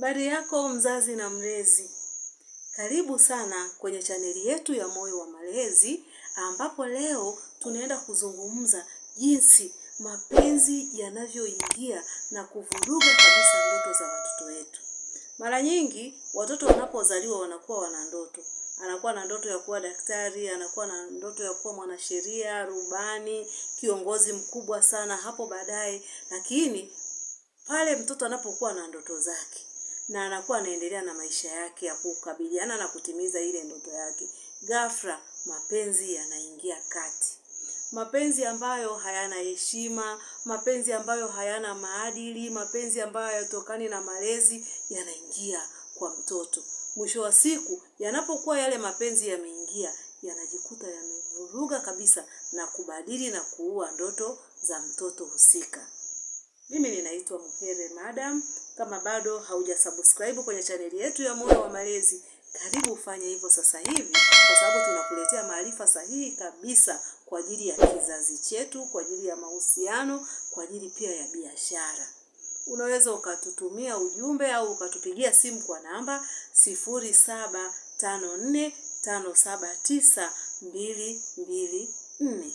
Habari yako mzazi na mlezi, karibu sana kwenye chaneli yetu ya Moyo wa Malezi, ambapo leo tunaenda kuzungumza jinsi mapenzi yanavyoingia na kuvuruga kabisa ndoto za watoto wetu. Mara nyingi watoto wanapozaliwa wanakuwa wana ndoto, anakuwa na ndoto ya kuwa daktari, anakuwa na ndoto ya kuwa mwanasheria, rubani, kiongozi mkubwa sana hapo baadaye. Lakini pale mtoto anapokuwa na ndoto zake na anakuwa anaendelea na maisha yake ya kukabiliana na kutimiza ile ndoto yake. Ghafla mapenzi yanaingia kati, mapenzi ambayo hayana heshima, mapenzi ambayo hayana maadili, mapenzi ambayo hayatokani na malezi yanaingia kwa mtoto. Mwisho wa siku, yanapokuwa yale mapenzi yameingia, yanajikuta yamevuruga kabisa na kubadili na kuua ndoto za mtoto husika. Mimi ninaitwa Muhere Madam. Kama bado haujasubscribe kwenye chaneli yetu ya Moyo wa Malezi, karibu ufanye hivyo sasa hivi, kwa sababu tunakuletea maarifa sahihi kabisa kwa ajili ya kizazi chetu, kwa ajili ya mahusiano, kwa ajili pia ya biashara. Unaweza ukatutumia ujumbe au ukatupigia simu kwa namba sifuri tano nne tano saba tisa mbili mbili nne.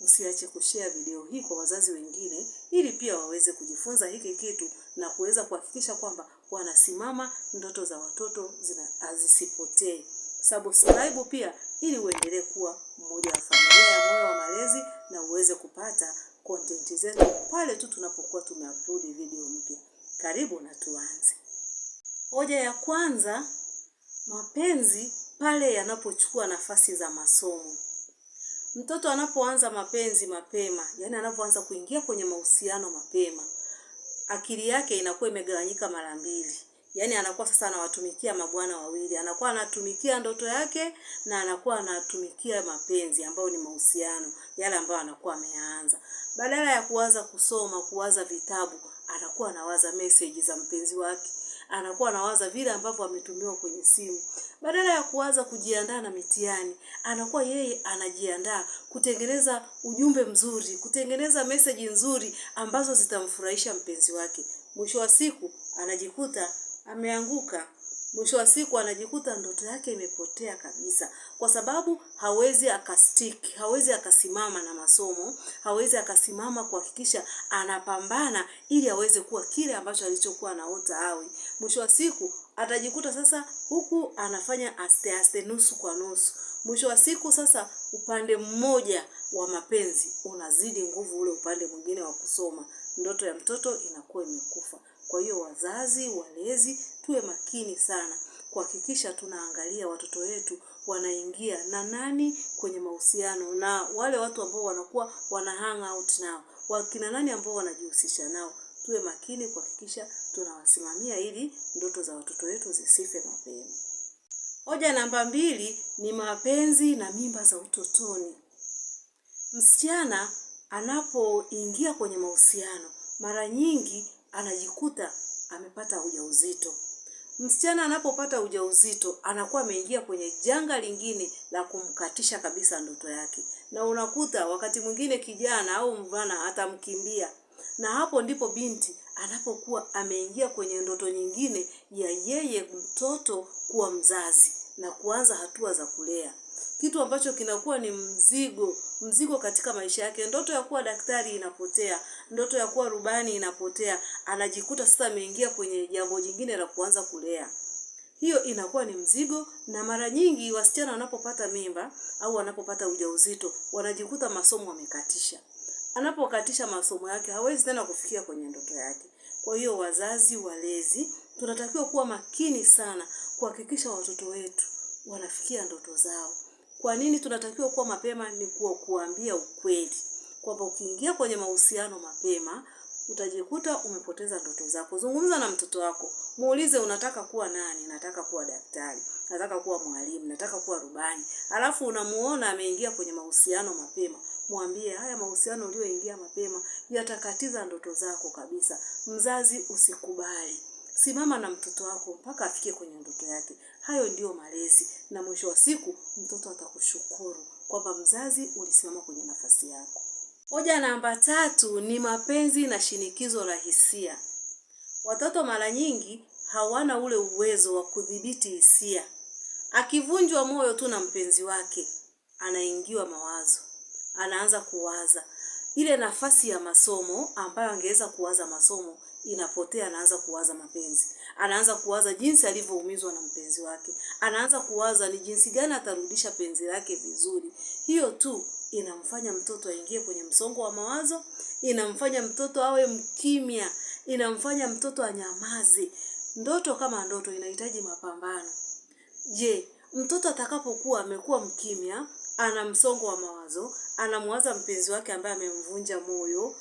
Usiache kushea video hii kwa wazazi wengine, ili pia waweze kujifunza hiki kitu na kuweza kuhakikisha kwamba wanasimama, ndoto za watoto azisipotee Subscribe pia ili uendelee kuwa mmoja wa familia ya Moyo wa Malezi na uweze kupata kontenti zetu pale tu tunapokuwa tumeupload video mpya. Karibu na tuanze. Hoja ya kwanza, mapenzi pale yanapochukua nafasi za masomo. Mtoto anapoanza mapenzi mapema, yani anapoanza kuingia kwenye mahusiano mapema, akili yake inakuwa imegawanyika mara mbili. Yani anakuwa sasa anawatumikia mabwana wawili, anakuwa anatumikia ndoto yake na anakuwa anatumikia mapenzi ambayo ni mahusiano yale ambayo anakuwa ameanza. Badala ya kuwaza kusoma, kuwaza vitabu, anakuwa anawaza meseji za mpenzi wake anakuwa anawaza vile ambavyo ametumiwa kwenye simu. Badala ya kuwaza kujiandaa na mitihani, anakuwa yeye anajiandaa kutengeneza ujumbe mzuri, kutengeneza meseji nzuri ambazo zitamfurahisha mpenzi wake. Mwisho wa siku anajikuta ameanguka mwisho wa siku anajikuta ndoto yake imepotea kabisa, kwa sababu hawezi akastick, hawezi akasimama na masomo, hawezi akasimama kuhakikisha anapambana ili aweze kuwa kile ambacho alichokuwa anaota awe. Mwisho wa siku atajikuta sasa huku anafanya aste aste, nusu kwa nusu. Mwisho wa siku sasa, upande mmoja wa mapenzi unazidi nguvu ule upande mwingine wa kusoma, ndoto ya mtoto inakuwa imekufa. Kwa hiyo wazazi, walezi tuwe makini sana kuhakikisha tunaangalia watoto wetu wanaingia na nani kwenye mahusiano, na wale watu ambao wanakuwa wana hang out nao, wakina nani ambao wanajihusisha nao. Tuwe makini kuhakikisha tunawasimamia ili ndoto za watoto wetu zisife mapema. Hoja namba mbili ni mapenzi na mimba za utotoni. Msichana anapoingia kwenye mahusiano, mara nyingi anajikuta amepata ujauzito. Msichana anapopata ujauzito anakuwa ameingia kwenye janga lingine la kumkatisha kabisa ndoto yake, na unakuta wakati mwingine kijana au mvana atamkimbia, na hapo ndipo binti anapokuwa ameingia kwenye ndoto nyingine ya yeye mtoto kuwa mzazi na kuanza hatua za kulea, kitu ambacho kinakuwa ni mzigo mzigo katika maisha yake. Ndoto ya kuwa daktari inapotea, ndoto ya kuwa rubani inapotea, anajikuta sasa ameingia kwenye jambo jingine la kuanza kulea. Hiyo inakuwa ni mzigo, na mara nyingi wasichana wanapopata mimba au wanapopata ujauzito wanajikuta masomo wamekatisha. Anapokatisha masomo yake hawezi tena kufikia kwenye ndoto yake. Kwa hiyo wazazi walezi, tunatakiwa kuwa makini sana kuhakikisha watoto wetu wanafikia ndoto zao. Kwa nini tunatakiwa kuwa mapema? Ni kuwa kuambia ukweli kwamba ukiingia kwenye mahusiano mapema utajikuta umepoteza ndoto zako. Zungumza na mtoto wako, muulize unataka kuwa nani? Nataka kuwa daktari, nataka kuwa mwalimu, nataka kuwa rubani. Alafu unamuona ameingia kwenye mahusiano mapema, mwambie haya mahusiano uliyoingia mapema yatakatiza ndoto zako kabisa. Mzazi usikubali, simama na mtoto wako mpaka afikie kwenye ndoto yake. Hayo ndiyo malezi, na mwisho wa siku mtoto atakushukuru kwamba mzazi ulisimama kwenye nafasi yako. Hoja namba tatu ni mapenzi na shinikizo la hisia. Watoto mara nyingi hawana ule uwezo wa kudhibiti hisia. Akivunjwa moyo tu na mpenzi wake, anaingiwa mawazo anaanza kuwaza ile nafasi ya masomo ambayo angeweza kuwaza masomo inapotea. Anaanza kuwaza mapenzi, anaanza kuwaza jinsi alivyoumizwa na mpenzi wake, anaanza kuwaza ni jinsi gani atarudisha penzi lake vizuri. Hiyo tu inamfanya mtoto aingie kwenye msongo wa mawazo, inamfanya mtoto awe mkimya, inamfanya mtoto anyamaze. Ndoto kama ndoto inahitaji mapambano. Je, mtoto atakapokuwa amekuwa mkimya ana msongo wa mawazo, anamwaza mpenzi wake ambaye amemvunja moyo,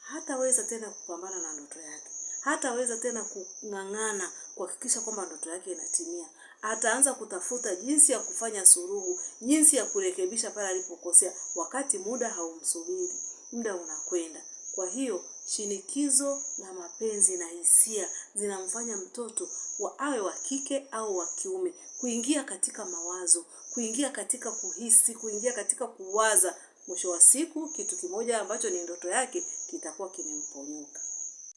hataweza tena kupambana na ndoto yake, hataweza tena kung'ang'ana kuhakikisha kwamba ndoto yake inatimia. Ataanza kutafuta jinsi ya kufanya suluhu, jinsi ya kurekebisha pale alipokosea, wakati muda haumsubiri, muda unakwenda. Kwa hiyo shinikizo la mapenzi na hisia zinamfanya mtoto wa awe wa kike au wa kiume kuingia katika mawazo, kuingia katika kuhisi, kuingia katika kuwaza. Mwisho wa siku kitu kimoja ambacho ni ndoto yake kitakuwa kimemponyoka.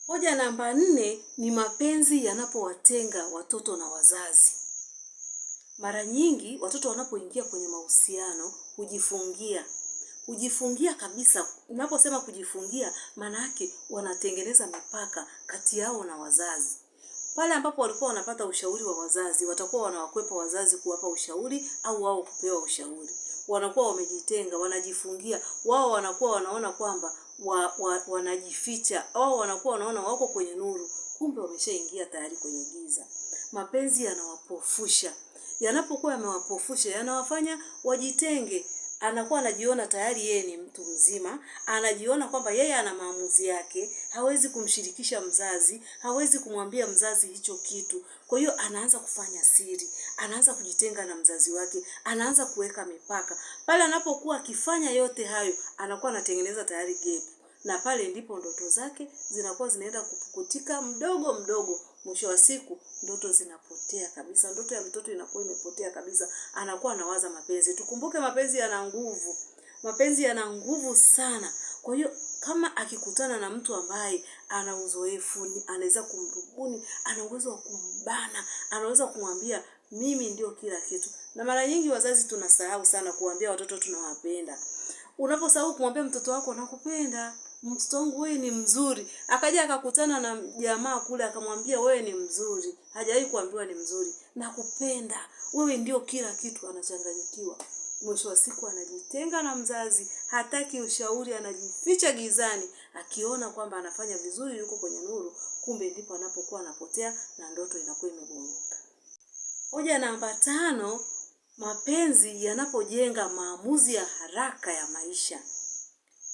Hoja namba nne ni mapenzi yanapowatenga watoto na wazazi. Mara nyingi watoto wanapoingia kwenye mahusiano hujifungia kujifungia kabisa. Unaposema kujifungia, maana yake wanatengeneza mipaka kati yao na wazazi. Pale ambapo walikuwa wanapata ushauri wa wazazi, watakuwa wanawakwepa wazazi kuwapa ushauri au wao kupewa ushauri. Wanakuwa wamejitenga, wanajifungia. Wao wanakuwa wanaona kwamba wa, wa, wanajificha. au wanakuwa wanaona wako kwenye nuru, kumbe wameshaingia tayari kwenye giza. Mapenzi yanawapofusha, yanapokuwa yamewapofusha, yanawafanya wajitenge anakuwa anajiona tayari yeye ni mtu mzima, anajiona kwamba yeye ana maamuzi yake, hawezi kumshirikisha mzazi, hawezi kumwambia mzazi hicho kitu. Kwa hiyo anaanza kufanya siri, anaanza kujitenga na mzazi wake, anaanza kuweka mipaka. Pale anapokuwa akifanya yote hayo, anakuwa anatengeneza tayari gap, na pale ndipo ndoto zake zinakuwa zinaenda kupukutika mdogo mdogo Mwisho wa siku ndoto zinapotea kabisa, ndoto ya mtoto inakuwa imepotea kabisa, anakuwa anawaza mapenzi. Tukumbuke mapenzi yana nguvu, mapenzi yana nguvu sana. Kwa hiyo kama akikutana na mtu ambaye ana uzoefu, anaweza kumrubuni, ana uwezo wa kumbana, anaweza kumwambia mimi ndio kila kitu. Na mara nyingi wazazi tunasahau sana kuambia watoto tunawapenda. Unaposahau kumwambia mtoto wako nakupenda mtoto wangu wewe ni mzuri. Akaja akakutana na jamaa kule akamwambia wewe ni mzuri. Hajawahi kuambiwa ni mzuri. Nakupenda. Wewe ndio kila kitu anachanganyikiwa. Mwisho wa siku anajitenga na mzazi, hataki ushauri, anajificha gizani akiona kwamba anafanya vizuri, yuko kwenye nuru, kumbe ndipo anapokuwa anapotea na ndoto inakuwa imebomoka. Hoja namba tano, mapenzi yanapojenga maamuzi ya haraka ya maisha.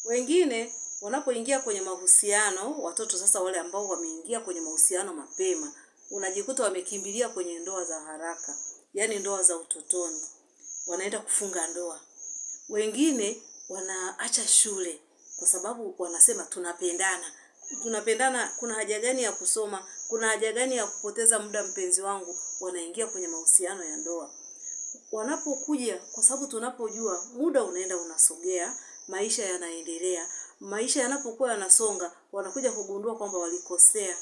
Wengine Wanapoingia kwenye mahusiano, watoto sasa wale ambao wameingia kwenye mahusiano mapema, unajikuta wamekimbilia kwenye ndoa za haraka, yaani ndoa za utotoni, wanaenda kufunga ndoa. Wengine wanaacha shule kwa sababu wanasema tunapendana. Tunapendana, kuna haja gani ya kusoma? Kuna haja gani ya kupoteza muda, mpenzi wangu? Wanaingia kwenye mahusiano ya ndoa wanapokuja, kwa sababu tunapojua muda unaenda unasogea, maisha yanaendelea maisha yanapokuwa yanasonga, wanakuja kugundua kwamba walikosea,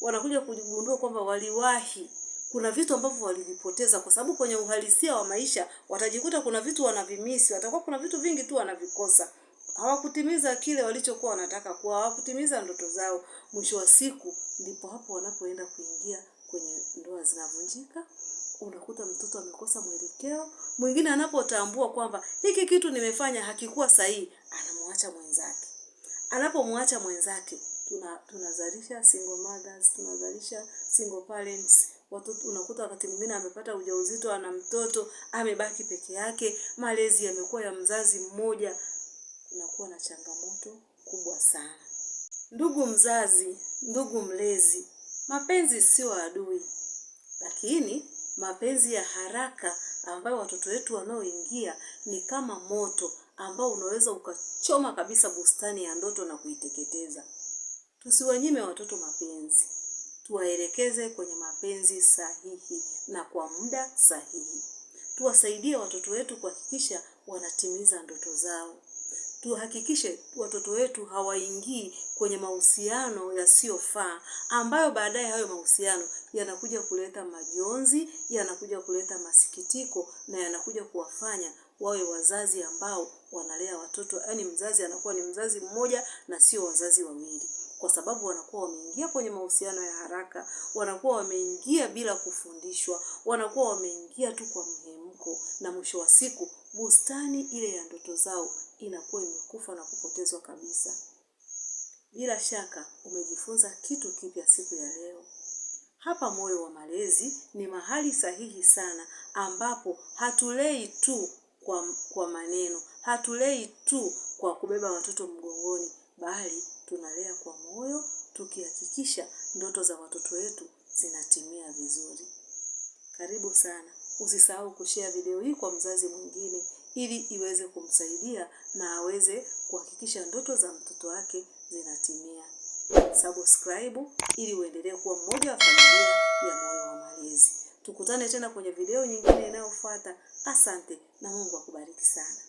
wanakuja kugundua kwamba waliwahi kuna vitu ambavyo walivipoteza kwa sababu kwenye uhalisia wa maisha watajikuta kuna vitu wanavimisi, watakuwa kuna vitu vingi tu wanavikosa. Hawakutimiza kile walichokuwa wanataka kuwa, hawakutimiza ndoto zao. Mwisho wa siku ndipo hapo wanapoenda kuingia kwenye ndoa zinavunjika, unakuta mtoto amekosa mwelekeo. Mwingine anapotambua kwamba hiki kitu nimefanya hakikuwa sahihi, anamwacha mwenzake. Anapomwacha mwenzake, tuna tunazalisha single mothers, tunazalisha single parents watoto unakuta wakati mwingine amepata ujauzito, ana mtoto amebaki peke yake, malezi yamekuwa ya mzazi mmoja, kunakuwa na changamoto kubwa sana. Ndugu mzazi, ndugu mlezi, mapenzi sio adui, lakini mapenzi ya haraka ambayo watoto wetu wanaoingia ni kama moto ambao unaweza ukachoma kabisa bustani ya ndoto na kuiteketeza. Tusiwanyime watoto mapenzi, tuwaelekeze kwenye mapenzi sahihi na kwa muda sahihi. Tuwasaidie watoto wetu kuhakikisha wanatimiza ndoto zao. Tuhakikishe watoto wetu hawaingii kwenye mahusiano yasiyofaa, ambayo baadaye hayo mahusiano yanakuja kuleta majonzi, yanakuja kuleta masikitiko na yanakuja kuwafanya wawe wazazi ambao wanalea watoto, yaani mzazi anakuwa ni mzazi mmoja na sio wazazi wawili, kwa sababu wanakuwa wameingia kwenye mahusiano ya haraka, wanakuwa wameingia bila kufundishwa, wanakuwa wameingia tu kwa mhemko, na mwisho wa siku bustani ile ya ndoto zao inakuwa imekufa na kupotezwa kabisa. Bila shaka umejifunza kitu kipya siku ya leo. Hapa Moyo wa Malezi ni mahali sahihi sana ambapo hatulei tu kwa, kwa maneno, hatulei tu kwa kubeba watoto mgongoni, bali tunalea kwa moyo tukihakikisha ndoto za watoto wetu zinatimia vizuri. Karibu sana. Usisahau kushea video hii kwa mzazi mwingine ili iweze kumsaidia na aweze kuhakikisha ndoto za mtoto wake zinatimia. Subscribe ili uendelee kuwa mmoja wa familia ya Moyo wa Malezi. Tukutane tena kwenye video nyingine inayofuata. Asante na Mungu akubariki sana.